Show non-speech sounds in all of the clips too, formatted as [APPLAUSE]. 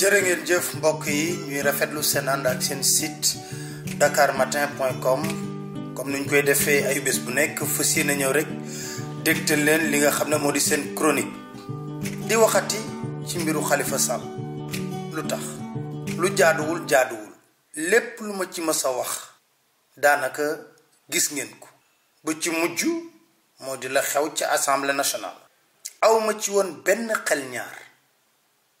jërë ngeen jëf mbokk yi ñuy rafetlu seen ànd ak seen sit site dakarmatin.com comme ni ñu koy defee ay bés bu nekk fas yéene ñëw rek dégtal leen li nga xam ne moo di seen chronique di waxati ci mbiru xalifa Sall lu tax lu jaaduwul jaaduwul lépp lu ma ci ma a wax daanaka gis ngeen ko ba ci mujj moo di la xew ci assemblée national awma ci woon benn xel ñaar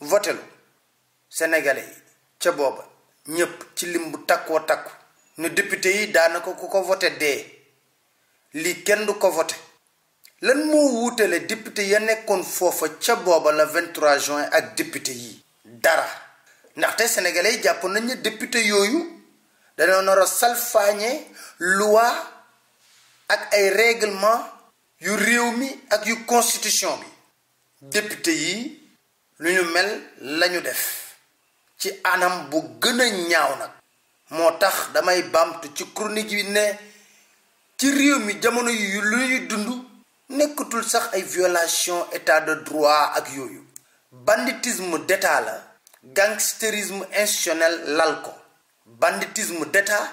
votelu sénégalais yi ca booba ñépp ci lim bu takkoo takk ne député yi daanaka ku ko voté dee lii kenn du ko voté lan moo wuutale député ya nekkoon foofa ca booba la 23 juin ak député yi dara ndaxte sénégalais yi jàpp nañ ne député yooyu dañoo nar a salfaañe loi ak ay règlement yu réew mi ak yu constitution bi député yi lu ñu mel lañu def ci anam bu gën ñaaw nak motax damay ci chronique bi ne ci réew mi jamono violation état de droit ak banditisme d'état la institutionnel lalco. banditisme d'état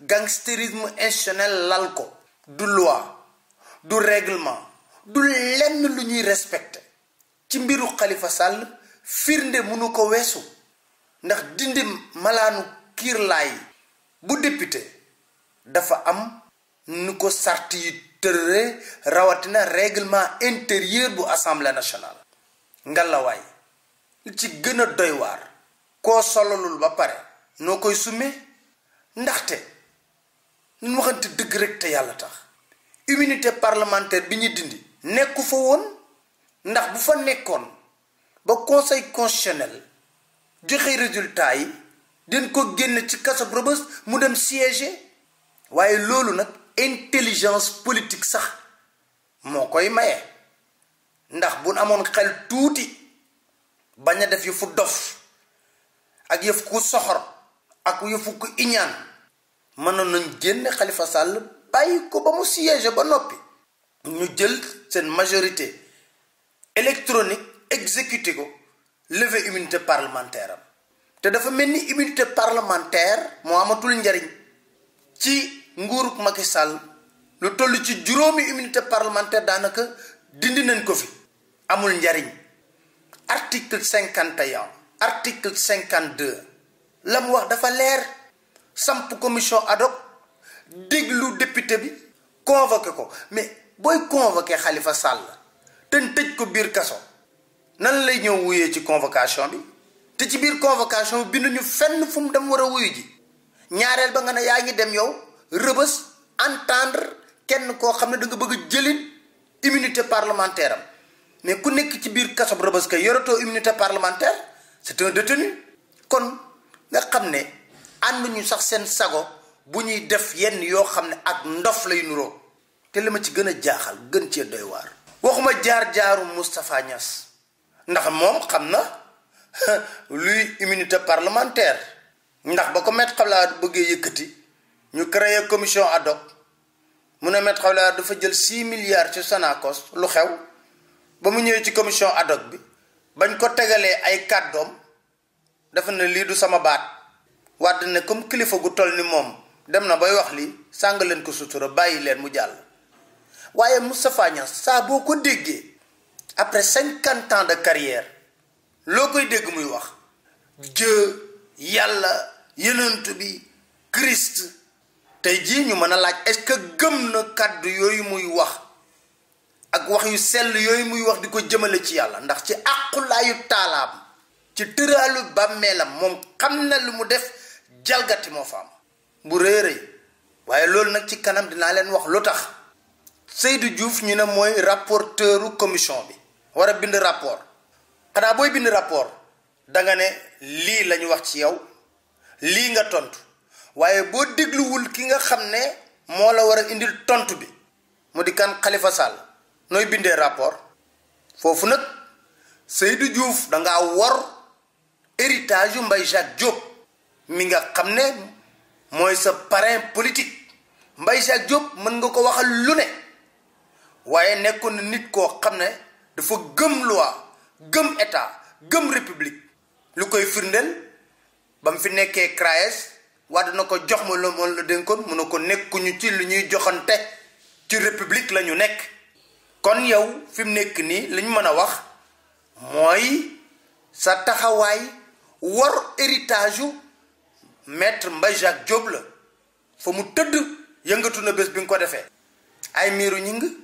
Gangsterisme institutionnel lalco. du loi du règlement du lenn lu ci mbiru xalifa Sall firnde mënu ko weesu ndax dindi malaanu kiirlaay bu député dafa am nu ko sart yi tërre rawatina réglement intérieur bu assemblée nationale ngalawaay li ci gën a doy waar koo solalul ba pare noo koy summee ndaxte nu waxante dëgg rek te yàlla tax immunité parlementaire bi ñu dindi nekku fa woon ndax bu fa nekkoon ba conseil constitutionnel joxe résultat yi dañ ko génn ci kaso Rebeuss mu dem siéger waaye loolu nag intelligence politique sax moo koy maye ndax bu amoon xel tuuti bañ a def yëfu dof ak yëfu ku soxor ak yëfu ku iñaan mënoon nañ génn Khalifa sàll bàyyi ko ba mu siéger ba noppi ñu jël seen majorité électronique exécuté ko lever immunité parlementaire te dafa melni immunité parlementaire moo amatul ci ci immunité parlementaire danaka dindi nañ ko fi amul article 51, article 52. deux la wax dafa leer samp commission ad hoc déglu député bi convoqué ko mais fait convoqué Khalifa Sall ten tëj ko biir kaso nan lay ñëw wuyee ci convocation bi te ci biir convocation bi binduñu fenn fu mu dem war a wuyu ji ñaareel ba nga ne yaa ngi dem yow rëbës tendre kenn koo xam ne da nga bëgg a jëlin immunité parlementaire am mais ku nekk ci biir kaso rëbës kay yoratoo immunité parlementaire c'est un détenu kon nga xam ne ànd ñu sax seen sago bu ñuy def yenn yoo xam ne ak ndof lay nuroo te li ma ci gën a jaaxal gën cee doy waar waxuma jaar jaaru mustapha Niass ndax moom xam na [LAUGHS] luy immunité parlementaire ndax ba ko met xawlaa bëggee yëkkati ñu créé commission ad hoc mu met xawlaa dafa jël 6 milliards ci sanacos lu xew ba mu ñëwee ci commission ad hoc bi bañ ko tegalee ay kàddoom dafa ne lii du sama baat wàdd ne comme kilifa gu toll ni moom dem na bay wax lii sàng ko sutura bàyyi leen mu jàll waaye Moustapha Niass saa boo ko déggee après cinquante ans de carrière loo koy dégg muy wax jë yàlla yenant bi Christ tey jii ñu mën a laaj est-ce que gëm na kàddu yooyu muy wax ak wax yu sell yooyu muy wax di ko jëmale ci yàlla ndax ci àqulaayu taalaam ci tëraalu bàmmeelam moom xam na lu mu def jalgati moo fa am bu rëy rëy waaye loolu nag ci kanam dinaa leen wax lu tax Seydou Diouf ñu ne mooy rapporteuru commission bi war a bind rapport xanaa booy bind rapport danga ne lii la ñu wax ci yow lii nga tontu waaye boo dégluwul ki nga xam ne moo la war a indil tontu bi mu di kan Khalifa nooy bindee rapport foofu nag Seydou Diouf da ngaa wor héritage yu Mbaye Jacques Diop mi nga xam ne mooy sa parrain politique Mbaye Jacques Diop mën nga ko waxal lu ne waaye nekkoon nit koo xam ne dafa gëm loi gëm état gëm république lu koy firndeel ba mu fi nekkee CRAES Wade na ko jox ma la moom la dénkoon mu ne ko nekkuñu ci lu ñuy joxante ci république la ñu nekk kon yow fi mu nekk nii li mën a wax mooy sa taxawaay war héritage yu maître Mbaye Jacques la fa mu tëdd yëngatu na bés bi nga ko defee ay miiru ñing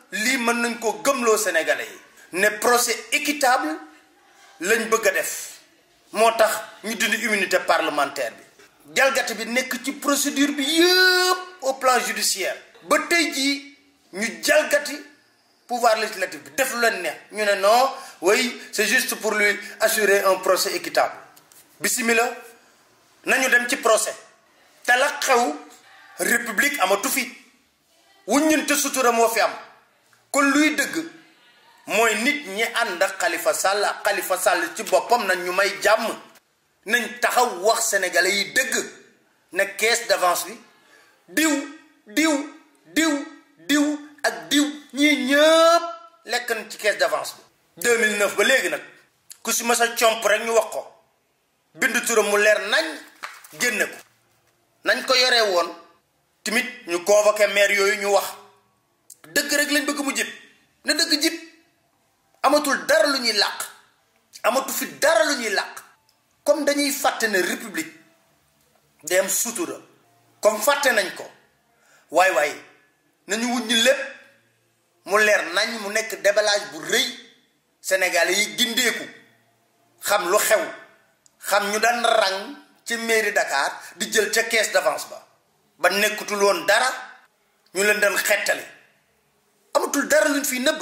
li mën nañ ko gëmlo sénégalais yi procès équitable lañ bëgg def motax ñu dund immunité parlementaire bi jalgati bi nek ci procédure bi yëpp au plan judiciaire ba tay ji ñu dalgati pouvoir législatif bi def lu neex ñu né non oui c'est juste pour lui assurer un procès équitable bismillah nañu dem ci procès te la xew république amatu fi wuññante sutura moo fi am kon luy dëgg mooy nit ñi ànd ak xalifa sàll ak xalifa sàll ci boppam nañ ñu may jàmm nañ taxaw wax sénégalais yi dëgg ne caisse d'avance bi diw diw diw diw ak diw ñii ñëpp lekk na ci caisse d'avance bi 2009 ba léegi nag ku si mës a comp rek ñu wax ko bind turam mu leer nañ génne ko nañ ko yore woon tamit ñu convoqué maire yooyu ñu wax dëgg rek lañ bëgg mu jib na dëgg jib amatul dara lu ñuy làq amatu fi dara lu ñuy làq comme dañuy fàtte ne république day sutura comme fàtte nañ ko waaye waay nañu wuññi lépp mu leer nañ mu nekk déballage bu rëy sénégalais yi gindeeku xam lu xew xam ñu daan rang ci mairie Dakar di jël ca caisse d'avance ba ba nekkatul woon dara ñu leen daan xettali amatul dara luñ fi nëbb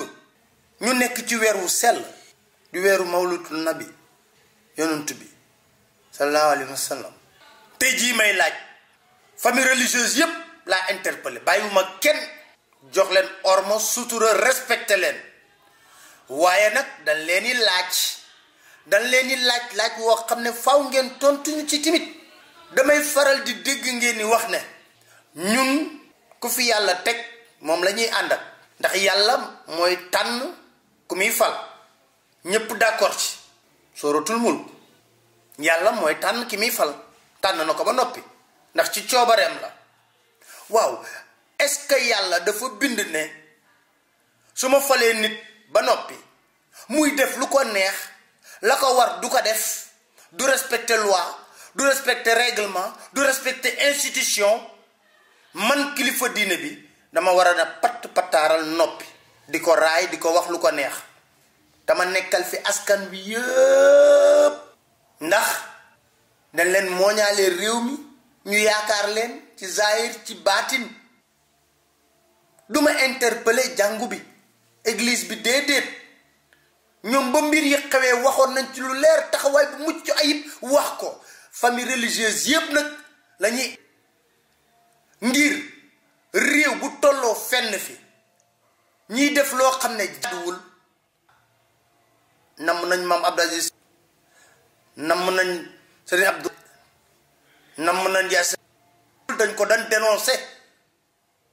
ñu nekk ci weer wu sell di weeru mawlutul nabi yonent bi sallallahu alayhi wa sallam tey jii may laaj famille religieuse yépp laa interpellé ma kenn jox leen ormo sutura respecté leen waaye nag dañ leen di laaj dañ leen di laaj laaj woo xam ne faw ngeen tontuñu ci timit damay faral di dégg ngeen di wax ne ñun ku fi yàlla teg moom la ñuy ànd ndax yàlla mooy tànn ku muy fal ñépp d'accord ci sooratul mulk yàlla mooy tànn ki muy fal tànn na ko ba noppi ndax ci coobareem la waaw est-ce que yàlla dafa bind ne su ma falee nit ba noppi muy def lu ko neex la ko war du ko def du respecter loi du respecter règlement du respecter institution man kilifa diine bi dama war a patt pattaaral noppi di ko raay di ko wax lu ko neex dama nekkal fi askan bi yëpp ndax dañ leen mooñaale réew mi ñu yaakaar leen ci zaahir ci baatin duma interpeller jàngu bi église bi déedéet ñoom ba mbir yi xewee waxoon nañ ci lu leer taxawaay bu mucc ayib wax ko famille religieuse yëpp nag lañuy ngir réew bu tolloo fenn fi ñiy def loo xam ne jaaduwul namm nañ maam Abdou Aziz namm nañ Serigne namm nañ yaay dañ ko daan dénoncé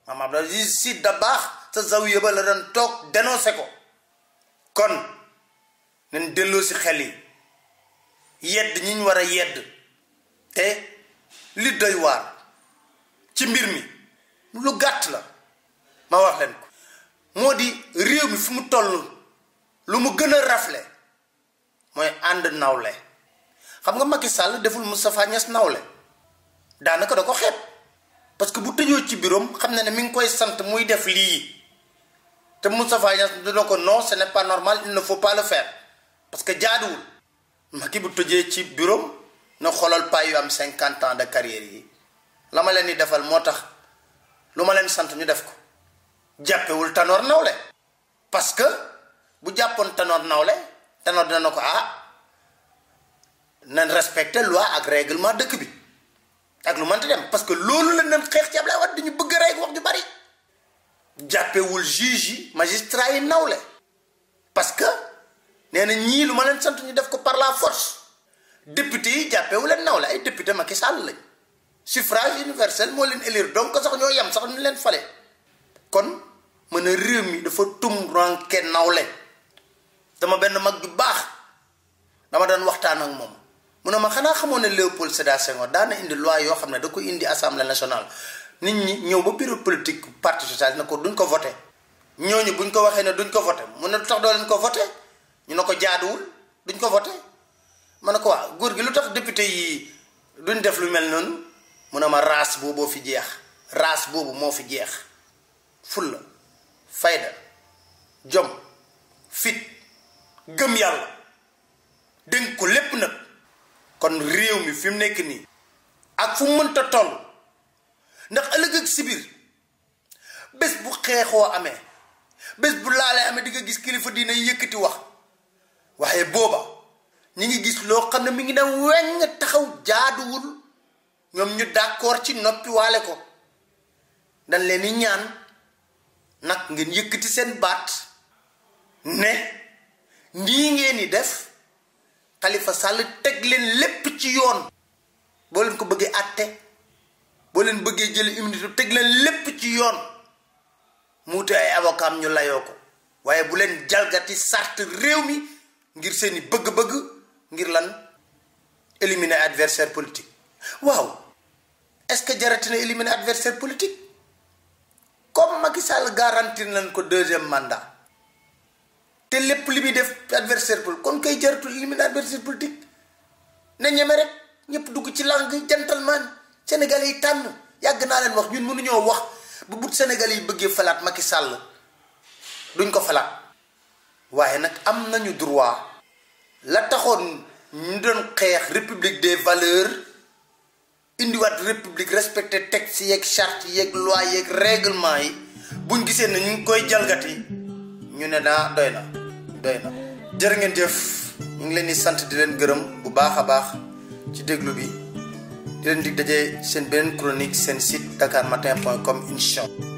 maam si da baax sa zawiya ba la daan toog dénoncé ko kon nañ delloo si xel yi yedd ñi war a yedd te li doy waar ci mbir mi lu gàtt la ma wax leen ko moo di réew bi fu mu toll lu mu gën a rafle mooy ànd nawle xam nga Macky Sall deful Moustapha Niass nawle daanaka da ko xeeb parce que bu tëjoo ci biroom xam na ne mi ngi koy sant muy def lii te Moustapha Niass dina ko non ce n'est pas normal il ne faut pas le faire parce que jaaduwul Macky bu tëjee ci biroom na xoolal paa yu am cinquante ans de carrière yi la ma leen di defal moo tax. lu ma ñu def ko Tanor nawle parce que bu jàppoon Tanor n'y Tanor dina ko ah nañ respecté loi ak règlement dëkk bi ak lu dem parce que loolu la leen xeex ci ablay dañu bëgg a wax ju bari juge magistrat parce que nee na ñii leen sant ñu def ko par la force député yi jàppewu leen nawle ay député suffrage universel moo leen élire donc sax ñoo yem sax ñu leen fale kon mën a réew mi dafa tum ranke nawle dama benn mag ju baax dama daan waxtaan ak moom mun ne ma xanaa xamoon ne Léopold Sédar Senghor daana indi loi yoo xam ne da ko indi assemblée national nit ñi ñëw ba bureau politique parti socialiste na ko duñ ko voté ñooñu buñ ko waxee ne duñ ko voté mu ne lu tax doo leen ko voté ñu ne ko jaaduwul duñ ko voté ma ne ko waaw góor gi lu tax député yi duñ def lu mel noonu mu ne ma raas booboo fi jeex raas boobu moo fi jeex fulla fayda jom fit gëm yàlla dénk ko lépp nag kon réew mi fi mu nekk nii ak fu mënta toll ndax ëllëg ak si bés bu xeexoo amee bés bu laalee amee di nga gis kilifa diina yëkkati wax waaye booba ñi ngi gis loo xam ne mi ngi dem weng taxaw jaaduwul ñoom ñu d'accord ci noppi ko dañ leen di ñaan nag ngeen yëkkati seen baat ne nii ngeen di def Khalifa Sall teg leen lépp ci yoon boo leen ko bëggee àtte boo leen bëggee jël immunité teg leen lépp ci yoon mu wute ay avocat ñu layoo ko waaye bu leen jalgati sart réew mi ngir seeni bëgg-bëgg ngir lan éliminer adversaire politique waaw est-ce que jaratina éliminer adversaire politique comme Macky Sall garantir nañ ko deuxième mandat te lépp li muy def adversaire politique kon kay jaratul éliminer adversaire politique na ñeme rek ñëpp dugg ci langue gentleman Sénégalais yi tànn yàgg naa leen wax ñun mënuñoo wax bu but Sénégalais yi bëggee falaat Macky Sall duñ ko falaat waaye nag am nañu droit la taxoon ñu doon xeex république des valeurs indiwaat république respecté texte yeeg charte yeeg loi yeeg règlement yi buñ gisee ne ñu ngi koy jalgati ñu ne naa doy na doy na. jërë ngeen jëf ñu ngi leen di sant di leen gërëm bu baax a baax ci déglu bi di leen di daje seen beneen chronique seen site dakarmatin.com incha